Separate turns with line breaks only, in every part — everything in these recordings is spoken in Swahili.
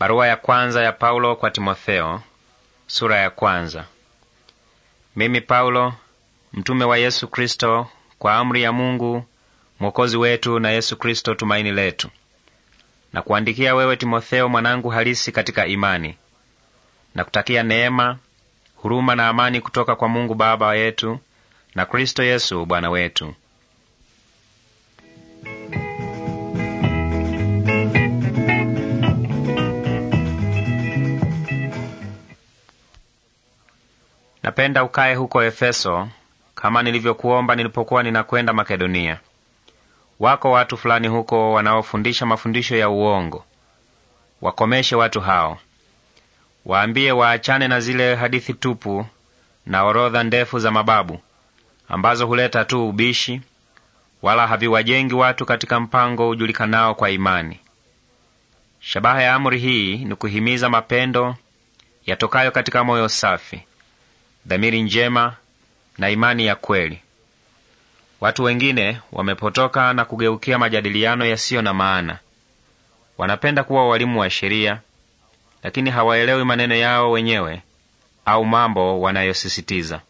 Barua ya kwanza ya Paulo kwa Timotheo, sura ya kwanza. Mimi Paulo, mtume wa Yesu Kristo, kwa amri ya Mungu Mwokozi wetu na Yesu Kristo tumaini letu, na kuandikia wewe Timotheo, mwanangu halisi katika imani, na kutakia neema, huruma na amani kutoka kwa Mungu Baba yetu na Kristo Yesu Bwana wetu. Napenda ukae huko Efeso kama nilivyokuomba nilipokuwa ninakwenda Makedonia. Wako watu fulani huko wanaofundisha mafundisho ya uongo. Wakomeshe watu hao, waambie waachane na zile hadithi tupu na orodha ndefu za mababu ambazo huleta tu ubishi, wala haviwajengi watu katika mpango ujulikanao kwa imani. Shabaha ya amri hii ni kuhimiza mapendo yatokayo katika moyo safi dhamiri njema na imani ya kweli. Watu wengine wamepotoka na kugeukia majadiliano yasiyo na maana. Wanapenda kuwa walimu wa sheria, lakini hawaelewi maneno yao wenyewe au mambo wanayosisitiza.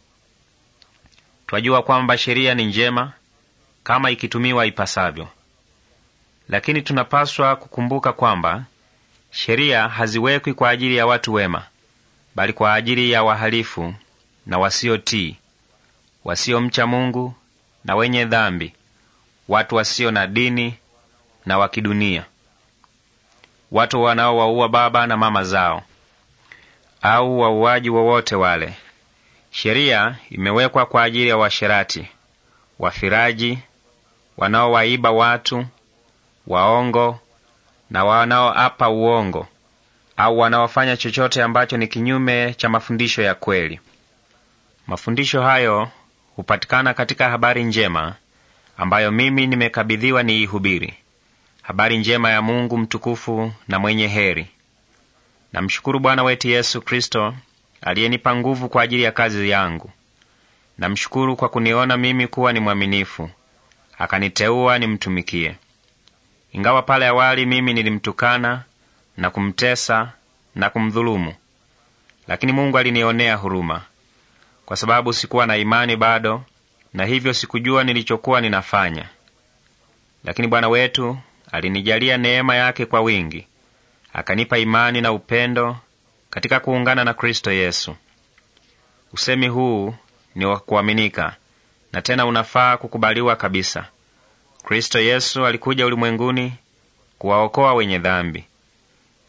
Twajua kwamba sheria ni njema kama ikitumiwa ipasavyo, lakini tunapaswa kukumbuka kwamba sheria haziwekwi kwa ajili ya watu wema, bali kwa ajili ya wahalifu na wasiotii, wasiomcha Mungu na wenye dhambi, watu wasio na dini na wa kidunia, watu wanaowaua baba na mama zao, au wauaji wowote wale. Sheria imewekwa kwa ajili ya washerati, wafiraji, wanaowaiba watu, waongo na wanaoapa uongo, au wanaofanya chochote ambacho ni kinyume cha mafundisho ya kweli. Mafundisho hayo hupatikana katika habari njema ambayo mimi nimekabidhiwa niihubiri, habari njema ya Mungu mtukufu na mwenye heri. Namshukuru Bwana wetu Yesu Kristo aliyenipa nguvu kwa ajili ya kazi yangu. Namshukuru kwa kuniona mimi kuwa ni mwaminifu, akaniteua nimtumikie. Ingawa pale awali mimi nilimtukana na kumtesa na kumdhulumu, lakini Mungu alinionea huruma kwa sababu sikuwa na imani bado, na hivyo sikujua nilichokuwa ninafanya. Lakini Bwana wetu alinijalia neema yake kwa wingi, akanipa imani na upendo katika kuungana na Kristo Yesu. Usemi huu ni wa kuaminika na tena unafaa kukubaliwa kabisa. Kristo Yesu alikuja ulimwenguni kuwaokoa wenye dhambi,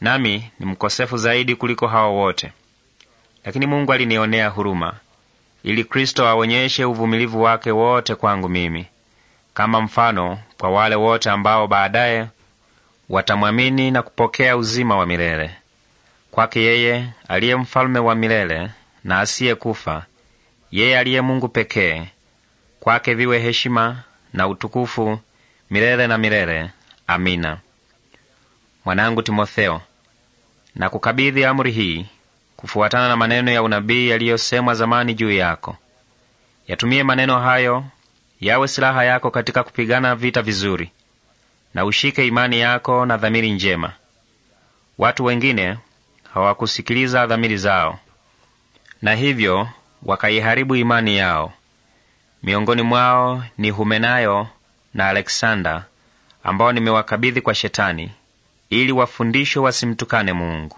nami ni mkosefu zaidi kuliko hao wote, lakini Mungu alinionea huruma ili Kristo aonyeshe uvumilivu wake wote kwangu mimi, kama mfano kwa wale wote ambao baadaye watamwamini na kupokea uzima wa milele. Kwake yeye aliye mfalme wa milele na asiyekufa, yeye aliye Mungu pekee, kwake viwe heshima na utukufu milele na milele. Amina. Mwanangu Timotheo, nakukabidhi amri hii kufuatana na maneno ya unabii yaliyosemwa zamani juu yako. Yatumie maneno hayo yawe silaha yako katika kupigana vita vizuri, na ushike imani yako na dhamiri njema. Watu wengine hawakusikiliza dhamiri zao, na hivyo wakaiharibu imani yao. Miongoni mwao ni Humenayo na Aleksanda, ambao nimewakabidhi kwa Shetani ili wafundishwe wasimtukane Mungu.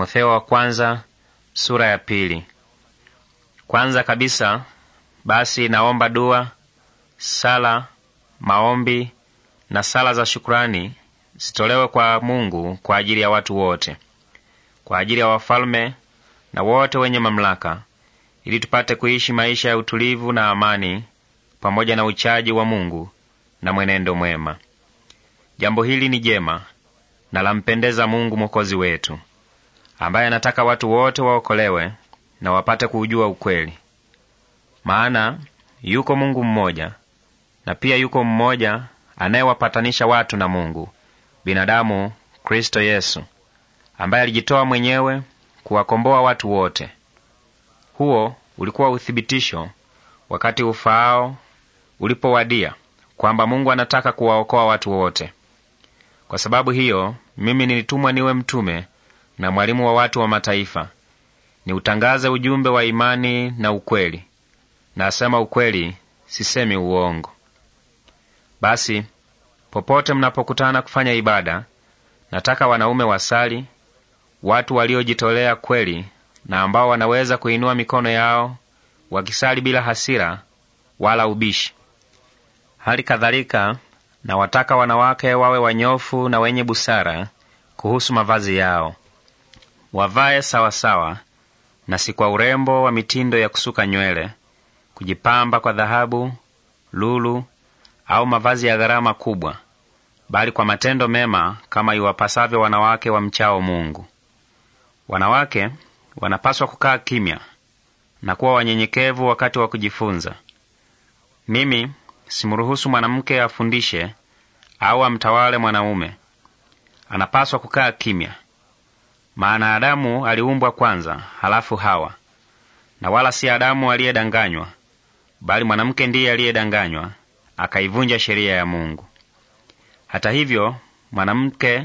Timotheo wa kwanza, sura ya pili. Kwanza kabisa basi naomba dua, sala, maombi na sala za shukurani zitolewe kwa Mungu kwa ajili ya watu wote, kwa ajili ya wafalme na wote wenye mamlaka, ili tupate kuishi maisha ya utulivu na amani pamoja na uchaji wa Mungu na mwenendo mwema. Jambo hili ni jema na lampendeza Mungu mwokozi wetu ambaye anataka watu wote waokolewe na wapate kuujua ukweli. Maana yuko Mungu mmoja, na pia yuko mmoja anayewapatanisha watu na Mungu, binadamu Kristo Yesu, ambaye alijitoa mwenyewe kuwakomboa watu wote. Huo ulikuwa uthibitisho wakati ufaao ulipowadia kwamba Mungu anataka kuwaokoa watu wote. Kwa sababu hiyo, mimi nilitumwa niwe mtume na mwalimu wa watu wa mataifa, ni utangaze ujumbe wa imani na ukweli. Nasema ukweli, sisemi uongo. Basi popote mnapokutana kufanya ibada, nataka wanaume wasali, watu waliojitolea kweli na ambao wanaweza kuinua mikono yao wakisali bila hasira wala ubishi. Hali kadhalika nawataka wanawake wawe wanyofu na wenye busara kuhusu mavazi yao wavae sawasawa na si kwa urembo wa mitindo ya kusuka nywele, kujipamba kwa dhahabu, lulu au mavazi ya gharama kubwa, bali kwa matendo mema kama iwapasavyo wanawake wa mchao Mungu. Wanawake wanapaswa kukaa kimya na kuwa wanyenyekevu wakati wa kujifunza. Mimi simruhusu mwanamke afundishe au amtawale mwanaume. Anapaswa kukaa kimya. Maana Adamu aliumbwa kwanza, halafu Hawa. Na wala si Adamu aliyedanganywa, bali mwanamke ndiye aliyedanganywa, akaivunja sheria ya Mungu. Hata hivyo, mwanamke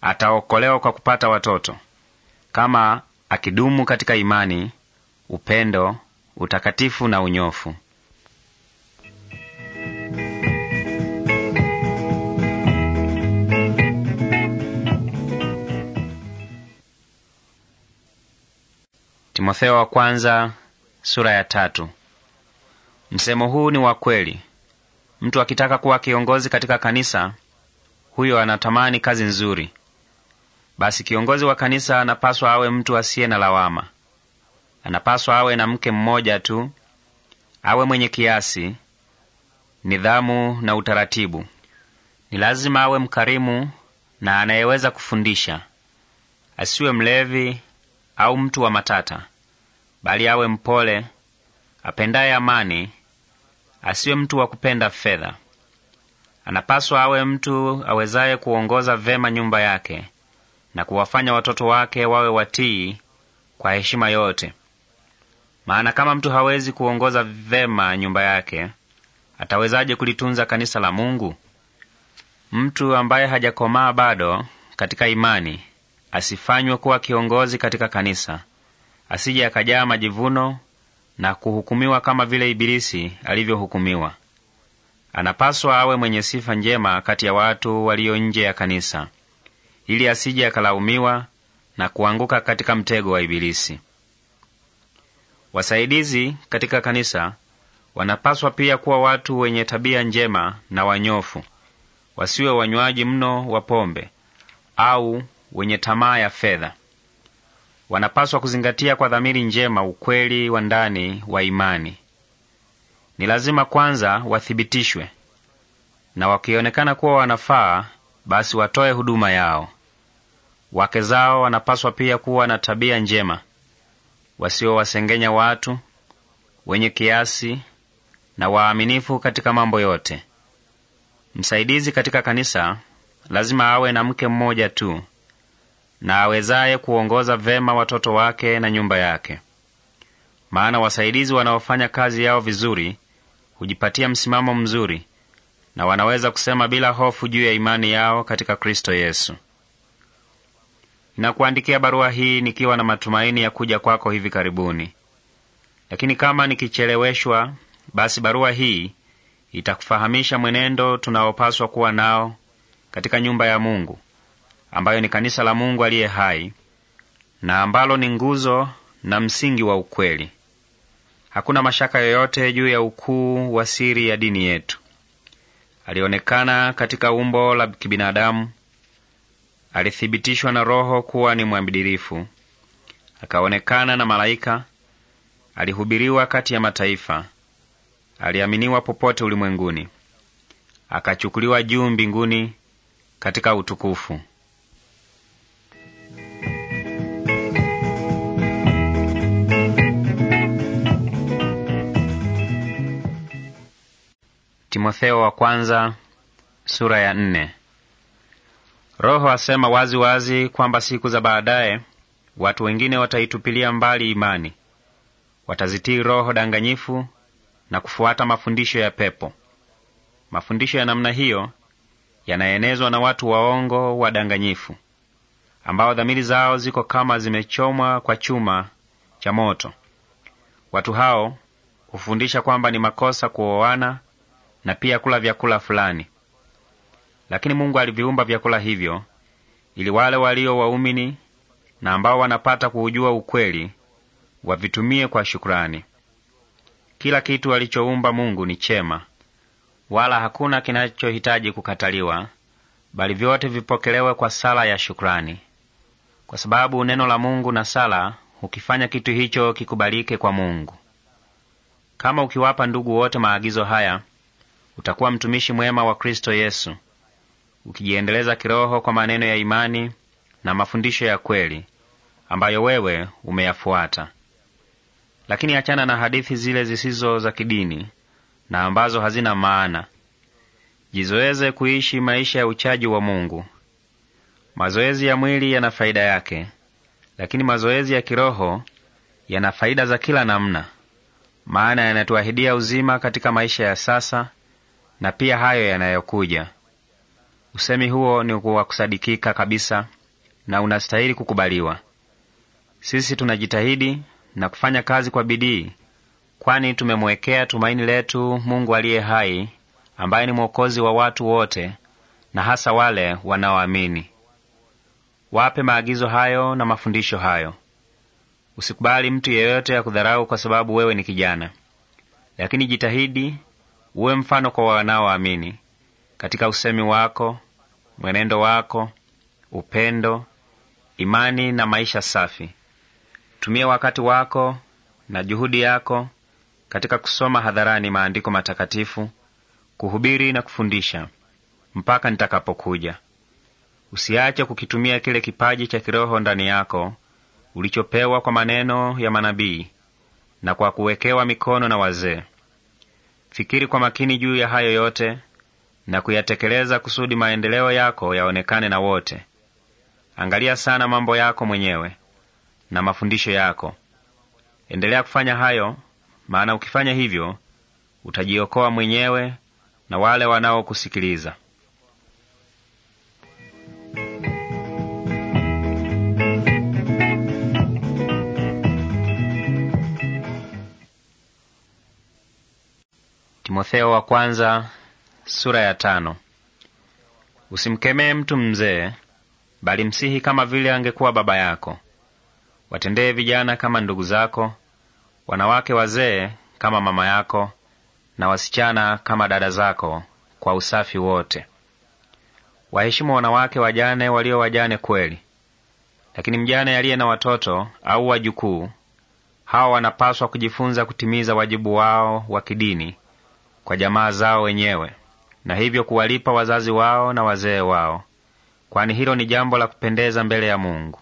ataokolewa kwa kupata watoto kama akidumu katika imani, upendo, utakatifu na unyofu. Timotheo wa kwanza, sura ya tatu. Msemo huu ni wa kweli. Mtu akitaka kuwa kiongozi katika kanisa, huyo anatamani kazi nzuri. Basi kiongozi wa kanisa anapaswa awe mtu asiye na lawama. Anapaswa awe na mke mmoja tu, awe mwenye kiasi, nidhamu na utaratibu. Ni lazima awe mkarimu na anayeweza kufundisha, asiwe mlevi au mtu wa matata bali awe mpole, apendaye amani, asiwe mtu wa kupenda fedha. Anapaswa awe mtu awezaye kuongoza vema nyumba yake na kuwafanya watoto wake wawe watii kwa heshima yote. Maana kama mtu hawezi kuongoza vema nyumba yake, atawezaje kulitunza kanisa la Mungu? Mtu ambaye hajakomaa bado katika imani asifanywe kuwa kiongozi katika kanisa, asije akajaa majivuno na kuhukumiwa kama vile Ibilisi alivyohukumiwa. Anapaswa awe mwenye sifa njema kati ya watu walio nje ya kanisa, ili asije akalaumiwa na kuanguka katika mtego wa Ibilisi. Wasaidizi katika kanisa wanapaswa pia kuwa watu wenye tabia njema na wanyofu, wasiwe wanywaji mno wa pombe au wenye tamaa ya fedha wanapaswa kuzingatia kwa dhamiri njema ukweli wa ndani wa imani. Ni lazima kwanza wathibitishwe, na wakionekana kuwa wanafaa, basi watoe huduma yao. Wake zao wanapaswa pia kuwa na tabia njema, wasiowasengenya watu, wenye kiasi na waaminifu katika mambo yote. Msaidizi katika kanisa lazima awe na mke mmoja tu na awezaye kuongoza vema watoto wake na nyumba yake. Maana wasaidizi wanaofanya kazi yao vizuri hujipatia msimamo mzuri na wanaweza kusema bila hofu juu ya imani yao katika Kristo Yesu. Nakuandikia barua hii nikiwa na matumaini ya kuja kwako hivi karibuni, lakini kama nikicheleweshwa, basi barua hii itakufahamisha mwenendo tunaopaswa kuwa nao katika nyumba ya Mungu ambayo ni kanisa la Mungu aliye hai na ambalo ni nguzo na msingi wa ukweli. Hakuna mashaka yoyote juu ya ukuu wa siri ya dini yetu. Alionekana katika umbo la kibinadamu, alithibitishwa na Roho kuwa ni mwamdilifu, akaonekana na malaika, alihubiriwa kati ya mataifa, aliaminiwa popote ulimwenguni, akachukuliwa juu mbinguni katika utukufu. Timotheo wa kwanza, sura ya nne. Roho asema wazi wazi kwamba siku za baadaye watu wengine wataitupilia mbali imani, watazitii roho danganyifu na kufuata mafundisho ya pepo. Mafundisho ya namna hiyo yanaenezwa na watu waongo wadanganyifu, ambao dhamiri zao ziko kama zimechomwa kwa chuma cha moto. Watu hao hufundisha kwamba ni makosa kuoana na pia kula vyakula fulani. Lakini Mungu aliviumba vyakula hivyo ili wale walio waumini na ambao wanapata kuujua ukweli wavitumie kwa shukurani. Kila kitu alichoumba Mungu ni chema, wala hakuna kinachohitaji kukataliwa, bali vyote vipokelewe kwa sala ya shukurani kwa sababu neno la Mungu na sala hukifanya kitu hicho kikubalike kwa Mungu. Kama ukiwapa ndugu wote maagizo haya utakuwa mtumishi mwema wa Kristo Yesu, ukijiendeleza kiroho kwa maneno ya imani na mafundisho ya kweli ambayo wewe umeyafuata. Lakini achana na hadithi zile zisizo za kidini na ambazo hazina maana. Jizoeze kuishi maisha ya uchaji wa Mungu. Mazoezi ya mwili yana faida yake, lakini mazoezi ya kiroho yana faida za kila namna, maana yanatuahidia uzima katika maisha ya sasa na pia hayo yanayokuja. Usemi huo ni wa kusadikika kabisa na unastahili kukubaliwa. Sisi tunajitahidi na kufanya kazi kwa bidii, kwani tumemwekea tumaini letu Mungu aliye hai, ambaye ni mwokozi wa watu wote na hasa wale wanaoamini. Wape maagizo hayo na mafundisho hayo. Usikubali mtu yeyote kudharau kwa sababu wewe ni kijana, lakini jitahidi Uwe mfano kwa wanaoamini katika usemi wako, mwenendo wako, upendo, imani na maisha safi. Tumia wakati wako na juhudi yako katika kusoma hadharani maandiko matakatifu, kuhubiri na kufundisha mpaka nitakapokuja. Usiache kukitumia kile kipaji cha kiroho ndani yako ulichopewa kwa maneno ya manabii na kwa kuwekewa mikono na wazee. Fikiri kwa makini juu ya hayo yote na kuyatekeleza kusudi maendeleo yako yaonekane na wote. Angalia sana mambo yako mwenyewe na mafundisho yako. Endelea kufanya hayo, maana ukifanya hivyo utajiokoa mwenyewe na wale wanaokusikiliza. Timotheo wa kwanza, sura ya tano. Usimkemee mtu mzee, bali msihi kama vile angekuwa baba yako. Watendee vijana kama ndugu zako, wanawake wazee kama mama yako, na wasichana kama dada zako, kwa usafi wote. Waheshimu wanawake wajane walio wajane kweli. Lakini mjane aliye na watoto au wajukuu, hawa wanapaswa kujifunza kutimiza wajibu wao wa kidini kwa jamaa zao wenyewe, na hivyo kuwalipa wazazi wao na wazee wao, kwani hilo ni jambo la kupendeza mbele ya Mungu.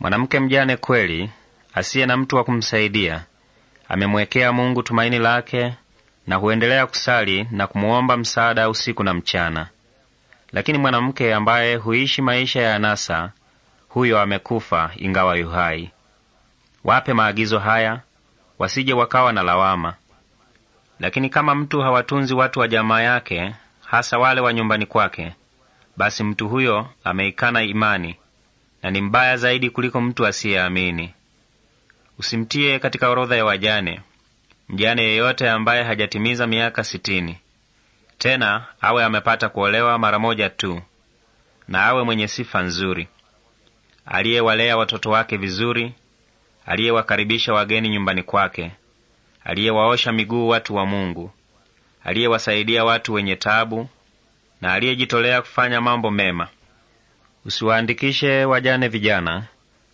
Mwanamke mjane kweli asiye na mtu wa kumsaidia amemwekea Mungu tumaini lake na huendelea kusali na kumuomba msaada usiku na mchana. Lakini mwanamke ambaye huishi maisha ya anasa, huyo amekufa ingawa yuhai. Wape maagizo haya wasije wakawa na lawama, lakini kama mtu hawatunzi watu wa jamaa yake, hasa wale wa nyumbani kwake, basi mtu huyo ameikana imani na ni mbaya zaidi kuliko mtu asiyeamini. Usimtie katika orodha ya wajane mjane yeyote ambaye hajatimiza miaka sitini, tena awe amepata kuolewa mara moja tu, na awe mwenye sifa nzuri, aliyewalea watoto wake vizuri, aliyewakaribisha wageni nyumbani kwake aliyewaosha miguu watu wa Mungu, aliyewasaidia watu wenye tabu na aliyejitolea kufanya mambo mema. Usiwaandikishe wajane vijana,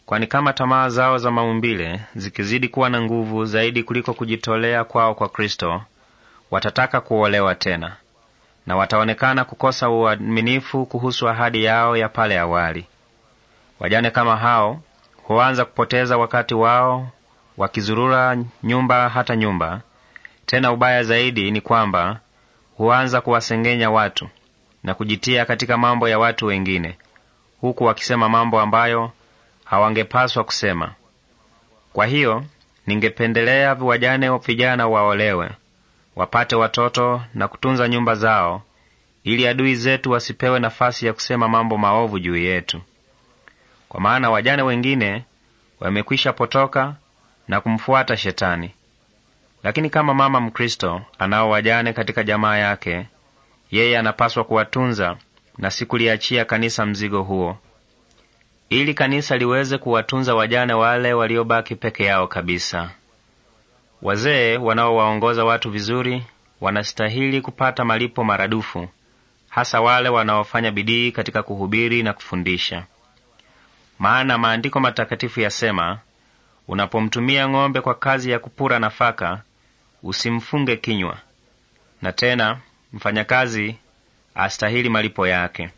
kwani kama tamaa zao za maumbile zikizidi kuwa na nguvu zaidi kuliko kujitolea kwao kwa Kristo, watataka kuolewa tena na wataonekana kukosa uaminifu kuhusu ahadi yao ya pale awali. Wajane kama hao huanza kupoteza wakati wao wakizurura nyumba hata nyumba. Tena ubaya zaidi ni kwamba huanza kuwasengenya watu na kujitia katika mambo ya watu wengine, huku wakisema mambo ambayo hawangepaswa kusema. Kwa hiyo ningependelea wajane vijana waolewe, wapate watoto na kutunza nyumba zao, ili adui zetu wasipewe nafasi ya kusema mambo maovu juu yetu, kwa maana wajane wengine wamekwisha potoka na kumfuata Shetani. Lakini kama mama Mkristo anao wajane katika jamaa yake, yeye anapaswa kuwatunza na si kuliachia kanisa mzigo huo, ili kanisa liweze kuwatunza wajane wale waliobaki peke yao kabisa. Wazee wanaowaongoza watu vizuri wanastahili kupata malipo maradufu, hasa wale wanaofanya bidii katika kuhubiri na kufundisha. Maana maandiko matakatifu yasema, Unapomtumia ng'ombe kwa kazi ya kupura nafaka, usimfunge kinywa. Na tena mfanyakazi astahili malipo yake.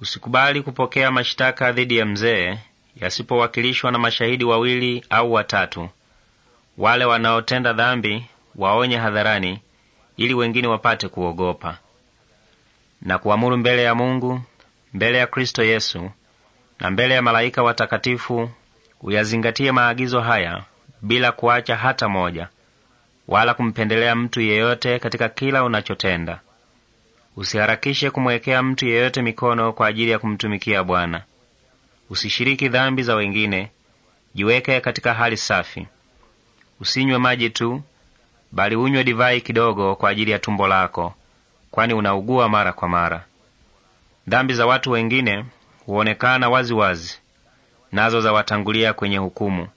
Usikubali kupokea mashtaka dhidi ya mzee yasipowakilishwa na mashahidi wawili au watatu. Wale wanaotenda dhambi waonye hadharani, ili wengine wapate kuogopa. Na kuamuru mbele ya Mungu, mbele ya Kristo Yesu na mbele ya malaika watakatifu Uyazingatie maagizo haya bila kuacha hata moja, wala kumpendelea mtu yeyote katika kila unachotenda. Usiharakishe kumwekea mtu yeyote mikono kwa ajili ya kumtumikia Bwana. Usishiriki dhambi za wengine, jiweke katika hali safi. Usinywe maji tu, bali unywe divai kidogo kwa ajili ya tumbo lako, kwani unaugua mara kwa mara. Dhambi za watu wengine huonekana wazi wazi, nazo zawatangulia kwenye hukumu,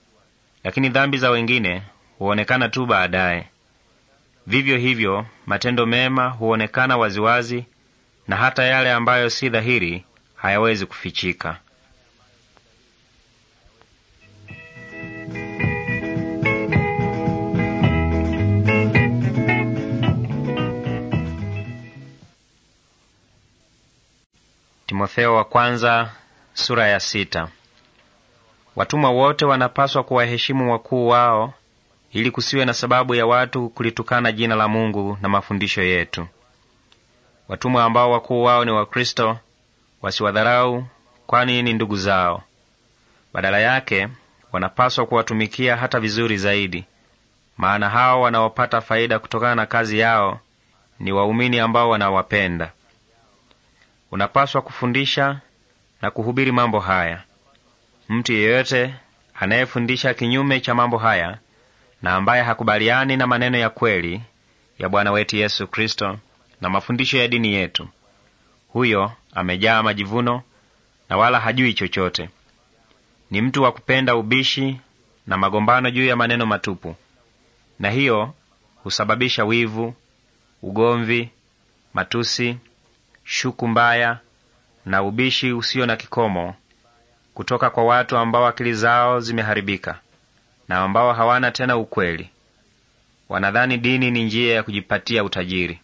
lakini dhambi za wengine huonekana tu baadaye. Vivyo hivyo matendo mema huonekana waziwazi, na hata yale ambayo si dhahiri hayawezi kufichika. Timotheo wa kwanza, sura ya sita. Watumwa wote wanapaswa kuwaheshimu wakuu wao, ili kusiwe na sababu ya watu kulitukana jina la Mungu na mafundisho yetu. Watumwa ambao wakuu wao ni Wakristo wasiwadharau, kwani ni ndugu zao. Badala yake, wanapaswa kuwatumikia hata vizuri zaidi, maana hao wanaopata faida kutokana na kazi yao ni waumini ambao wanawapenda. Unapaswa kufundisha na kuhubiri mambo haya. Mtu yeyote anayefundisha kinyume cha mambo haya na ambaye hakubaliani na maneno ya kweli ya Bwana wetu Yesu Kristo na mafundisho ya dini yetu, huyo amejaa majivuno na wala hajui chochote. Ni mtu wa kupenda ubishi na magombano juu ya maneno matupu, na hiyo husababisha wivu, ugomvi, matusi, shuku mbaya na ubishi usio na kikomo kutoka kwa watu ambao akili zao zimeharibika na ambao hawana tena ukweli. Wanadhani dini ni njia ya kujipatia utajiri.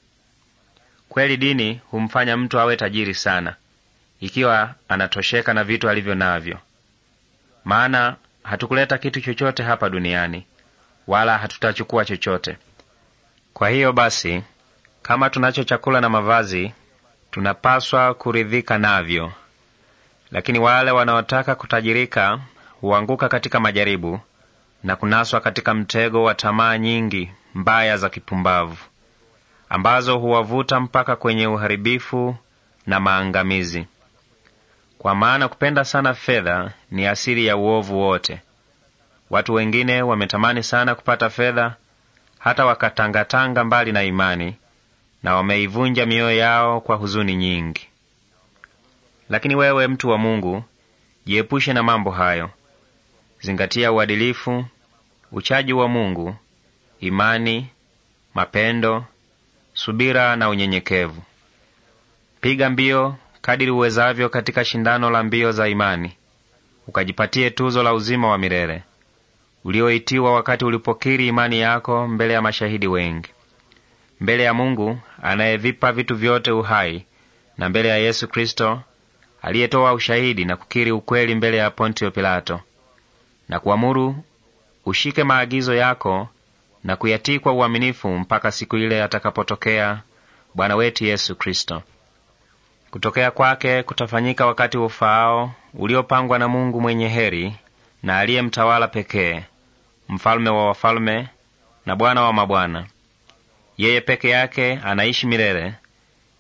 Kweli dini humfanya mtu awe tajiri sana ikiwa anatosheka na vitu alivyo navyo, maana hatukuleta kitu chochote hapa duniani wala hatutachukua chochote. Kwa hiyo basi, kama tunacho chakula na mavazi, tunapaswa kuridhika navyo. Lakini wale wanaotaka kutajirika huanguka katika majaribu na kunaswa katika mtego wa tamaa nyingi mbaya za kipumbavu ambazo huwavuta mpaka kwenye uharibifu na maangamizi. Kwa maana kupenda sana fedha ni asili ya uovu wote. Watu wengine wametamani sana kupata fedha, hata wakatangatanga mbali na imani, na wameivunja mioyo yao kwa huzuni nyingi. Lakini wewe mtu wa Mungu, jiepushe na mambo hayo. Zingatia uadilifu, uchaji wa Mungu, imani, mapendo, subira na unyenyekevu. Piga mbio kadiri uwezavyo katika shindano la mbio za imani, ukajipatie tuzo la uzima wa milele ulioitiwa wakati ulipokiri imani yako mbele ya mashahidi wengi, mbele ya Mungu anayevipa vitu vyote uhai na mbele ya Yesu Kristo aliyetoa ushahidi na kukiri ukweli mbele ya Pontio Pilato na kuamuru ushike maagizo yako na kuyatii kwa uaminifu mpaka siku ile atakapotokea Bwana wetu Yesu Kristo. Kutokea kwake kutafanyika wakati ufaao uliopangwa na Mungu mwenye heri na aliye mtawala pekee, mfalme wa wafalme na Bwana wa mabwana. Yeye peke yake anaishi milele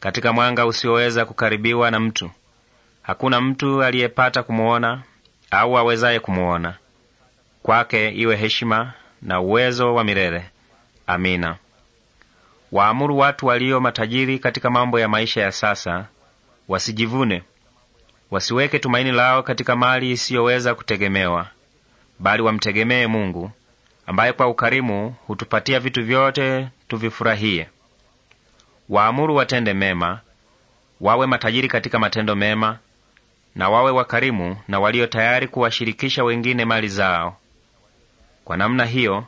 katika mwanga usioweza kukaribiwa na mtu. Hakuna mtu aliyepata kumuona au awezaye kumuona. Kwake iwe heshima na uwezo wa milele. Amina. Waamuru watu walio matajiri katika mambo ya maisha ya sasa, wasijivune, wasiweke tumaini lao katika mali isiyoweza kutegemewa, bali wamtegemee Mungu ambaye kwa ukarimu hutupatia vitu vyote tuvifurahie. Waamuru watende mema, wawe matajiri katika matendo mema na wawe wakarimu na walio tayari kuwashirikisha wengine mali zao. Kwa namna hiyo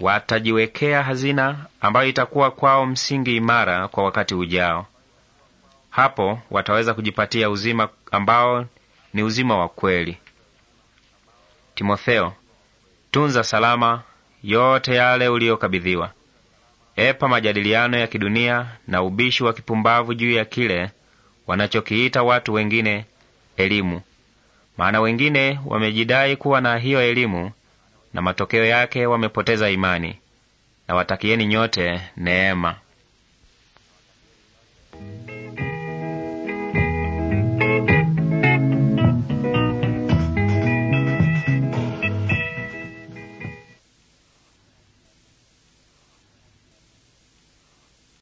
watajiwekea hazina ambayo itakuwa kwao msingi imara kwa wakati ujao. Hapo wataweza kujipatia uzima ambao ni uzima wa kweli. Timotheo, tunza salama yote yale uliyokabidhiwa. Epa majadiliano ya kidunia na ubishi wa kipumbavu juu ya kile wanachokiita watu wengine elimu, maana wengine wamejidai kuwa na hiyo elimu, na matokeo yake wamepoteza imani. Na watakieni nyote neema.